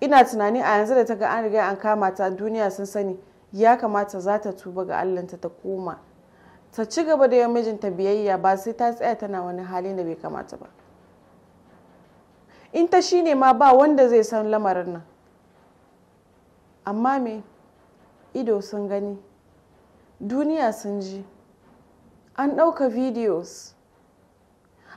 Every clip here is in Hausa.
ina tunani a yanzu da ta ga an riga an kama ta duniya sun sani ya kamata za ta tuba ga allanta ta koma ta ci gaba da yin mijinta biyayya ba sai ta tsaya tana wani hali da bai kamata ba in ta shine ma ba wanda zai san lamarin nan amma me ido sun gani duniya sun ji an ɗauka videos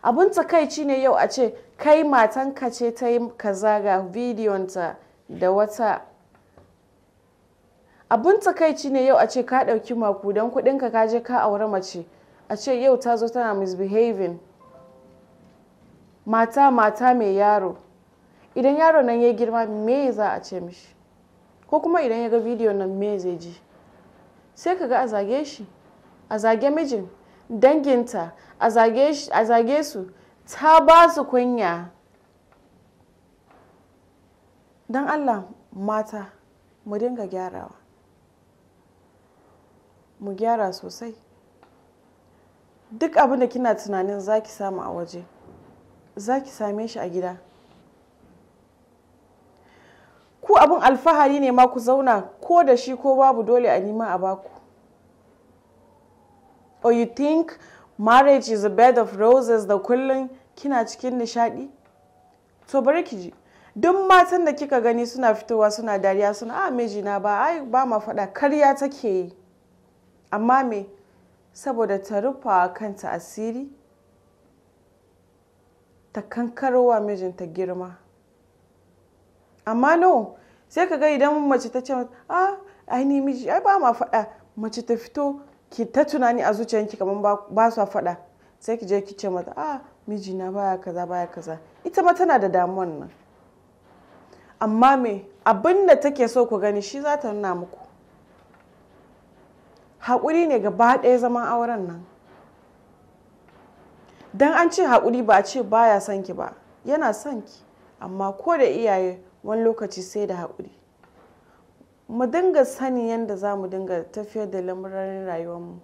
abun takaici ne yau a ce kai matanka ce ta yi kaza ga bidiyonta da wata abun takaici ne yau a ce ka ɗauki makudan kuɗinka ka je ka aure mace a ce yau ta zo tana misbehaving mata mata mai yaro idan yaro nan ya girma me za a ce mishi ko kuma idan ya ga bidiyon nan me zai ji sai ka ga a zage shi a zage mijin danginta a zage su ta ba su kunya don allah mata mu dinga gyarawa mu gyara sosai duk abin da kina tunanin za ki samu a waje za ki same shi a gida ku abin alfahari ne ma ku zauna ko da shi ko babu dole a nima a baku or you think marriage is a bed of roses da kullum kina cikin nishadi to bari ki ji duk matan da kika gani suna fitowa suna dariya suna a ah, mijina ba ai ba ma faɗa karya take yi amma me saboda ta rufa kanta asiri ta kankarwa mijinta girma amma no sai ka ga idan mace ta ce a ah, ai ni miji ai ba ma faɗa mace ta fito ki ta tunani a zuciyanki kamar ba su faɗa sai ki je ki ce mata a ah, mijina baya kaza baya kaza ita ma tana da damuwan nan amma me abin da take so ku gani shi za ta nuna muku haƙuri ne gaba ɗaya zaman auren nan don an ce haƙuri ba a ce baya son ki ba yana son ki amma ko da iyaye wani lokaci sai da haƙuri mu dinga sanin yadda za mu dinga tafiyar da lamuran rayuwarmu